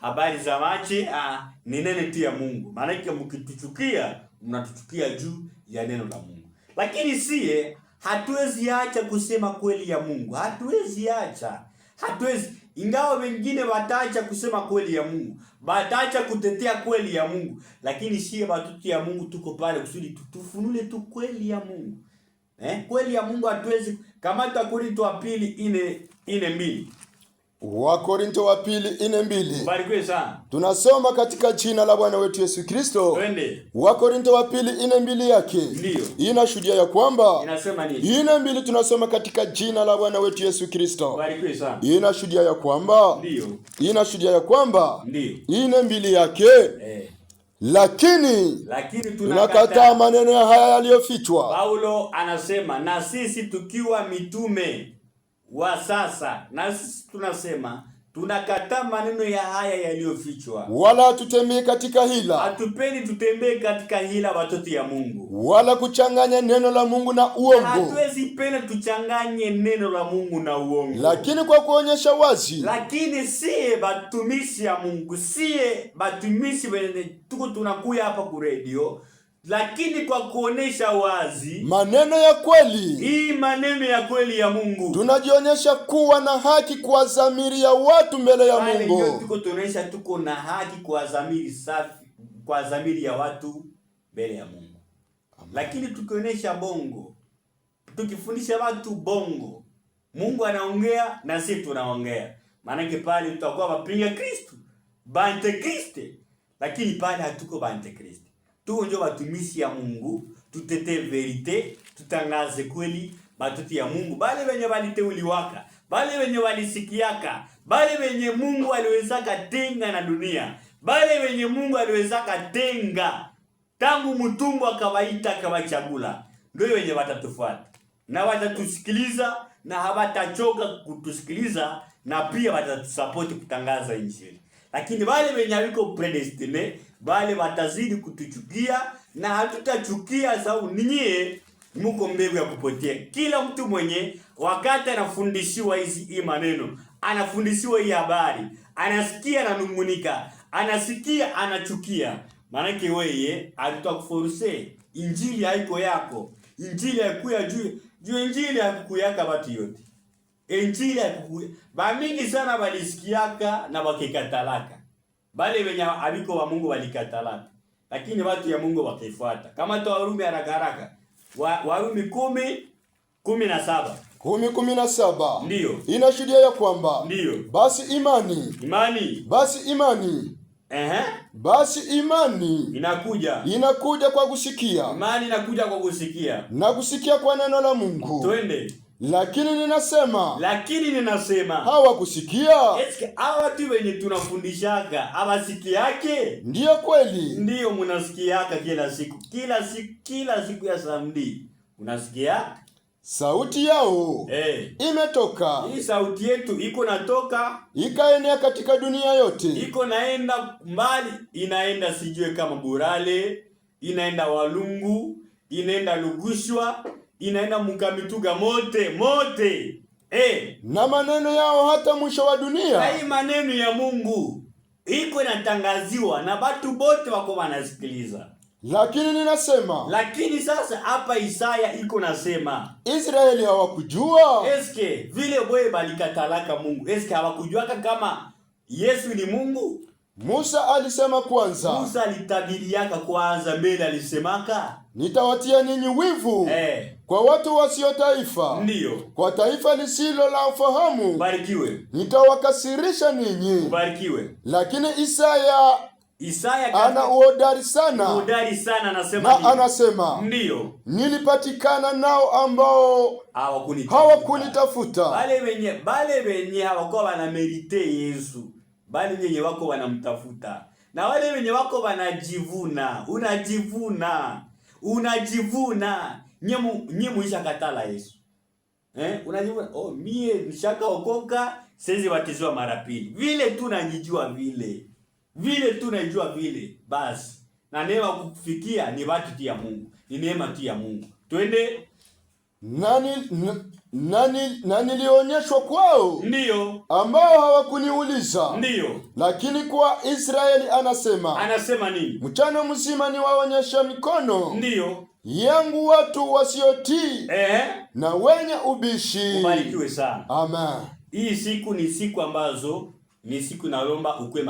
Habari za machi ah, ni nene tu ya Mungu, maanake mkituchukia mnatuchukia juu ya neno la Mungu. Lakini siye hatuwezi acha kusema kweli ya Mungu, hatuwezi acha, hatuwezi ingawa wengine wataacha kusema kweli ya Mungu, wataacha kutetea kweli ya Mungu, lakini sie batoto ya Mungu tuko pale kusudi tufunule tu kweli ya Mungu eh? Kweli ya Mungu hatuwezi kamata. Wakorintho tu apili ine ine mbili Wakorinto wa pili ine mbili. Mbarikiwe sana. Tunasoma katika jina la Bwana wetu Yesu Kristo. Twende. Wakorinto wa pili ine mbili yake. Ndio. Inashuhudia ya kwamba inasema nini? Ine mbili tunasoma katika jina la Bwana wetu Yesu Kristo. Mbarikiwe sana. Inashuhudia ya kwamba ndio. Inashuhudia ya kwamba ndio. Ine mbili yake. Eh. Lakini, lakini tunakataa maneno haya yaliyofichwa. Paulo anasema na sisi tukiwa mitume wa sasa, na sisi tunasema tunakataa maneno ya haya yaliyofichwa, wala tutembee katika hila. Hatupendi tutembee katika hila, watoto ya Mungu, wala kuchanganya neno la Mungu na uongo. Hatuwezi penda tuchanganye neno la Mungu na uongo, lakini kwa kuonyesha wazi. Lakini siye batumishi ya Mungu, siye batumishi wenye tuko tunakuya hapa ku radio lakini kwa kuonesha wazi maneno ya kweli, hii maneno ya kweli ya Mungu, tunajionyesha kuwa na haki kwa dhamiri ya watu mbele ya Bale, Mungu tuko tunaonyesha tuko na haki kwa dhamiri safi, kwa dhamiri ya watu mbele ya Mungu Amen. Lakini tukionyesha bongo, tukifundisha watu bongo, Mungu anaongea na sisi tunaongea, maanake pale tutakuwa wapinga Kristu, bante Kristo, lakini pale hatuko bante Kristo tuonjo batumisi ya Mungu, tutete verite, tutangaze kweli batuti ya Mungu, bale wenye waliteuliwaka, bale wenye walisikiaka, bale wenye Mungu aliwezaka tenga na dunia, bale wenye Mungu aliwezaka tenga tangu mtumbo akawaita akawachagula, ndio wenye watatufuata na watatusikiliza na hawatachoka kutusikiliza, na pia watatusapoti kutangaza Injili. Lakini wale wenye hawiko predestine bali watazidi kutuchukia na hatutachukia, sababu ninyi mko mbegu ya kupotea. Kila mtu mwenye wakati anafundishiwa hizi hii maneno, anafundishiwa hii habari, anasikia ananungunika, anasikia anachukia, maanake weye alitakuforse injili haiko yako, injili haikuya juu juu, injili hakukuyaka watu yote, injili ba mingi sana, balisikiaka na bakikatalaka Bale wenye abiko wa Mungu walikatala, lakini watu ya Mungu wakifuata. Kama tu Warumi haraka haraka. Wa, Warumi kumi kumi na saba kumi kumi na saba ndiyo inashuhudia ya kwamba ndiyo basi imani imani basi imani Ehe. Basi imani inakuja inakuja kwa kusikia, imani inakuja kwa kusikia na kusikia kwa neno la Mungu. Twende. Lakini ninasema, lakini ninasema hawakusikia. Eske awatu wenye tunafundishaka hawasikiake? Ndiyo kweli, ndiyo munasikiaka kila siku, kila siku, kila siku ya samdi unasikia sauti yao hey. Eh. Imetoka hii sauti yetu iko natoka, ikaenea katika dunia yote, iko naenda mbali, inaenda sijue kama Burale, inaenda Walungu, inaenda Lugushwa inaenda mukamituga mote mote eh, na maneno yao hata mwisho wa dunia. Hai maneno ya Mungu iko inatangaziwa na batu bote wako wanasikiliza. Lakini ninasema, lakini sasa hapa Isaya iko nasema Israeli hawakujua eske vile boye balikatalaka Mungu, eske hawakujua kama Yesu ni Mungu? Musa alisema kwanza, Musa alitabiriaka kwanza mbele, alisemaka nitawatia ninyi wivu eh kwa watu wasio taifa, ndio kwa taifa lisilo la ufahamu, barikiwe. Nitawakasirisha ninyi, barikiwe. Lakini Isaya Isaya ana uhodari sana, uhodari sana anasema na, anasema ndio nilipatikana nao ambao hawakunitafuta, bale wenye bale wenye hawakuwa wanamerite Yesu, bali wenye wako wanamtafuta, na wale wenye wako wanajivuna. Unajivuna, unajivuna nyemu nyemu isha katala Yesu eh, unajua oh, mie mshaka okoka sezi watizwa mara pili vile tu najijua vile vile tu najua vile basi, na neema kufikia ni watu tu ya Mungu, ni neema tu ya Mungu. Twende nani nani nani lionyeshwa kwao, Ndio. ambao hawakuniuliza, Ndio. Lakini kwa Israeli anasema, anasema nini? Mchana mzima niwaonyesha mikono, Ndio yangu watu wasiotii eh, na wenye ubishi. Ubarikiwe sana. Amen. Hii siku ni siku ambazo ni siku naomba ukwe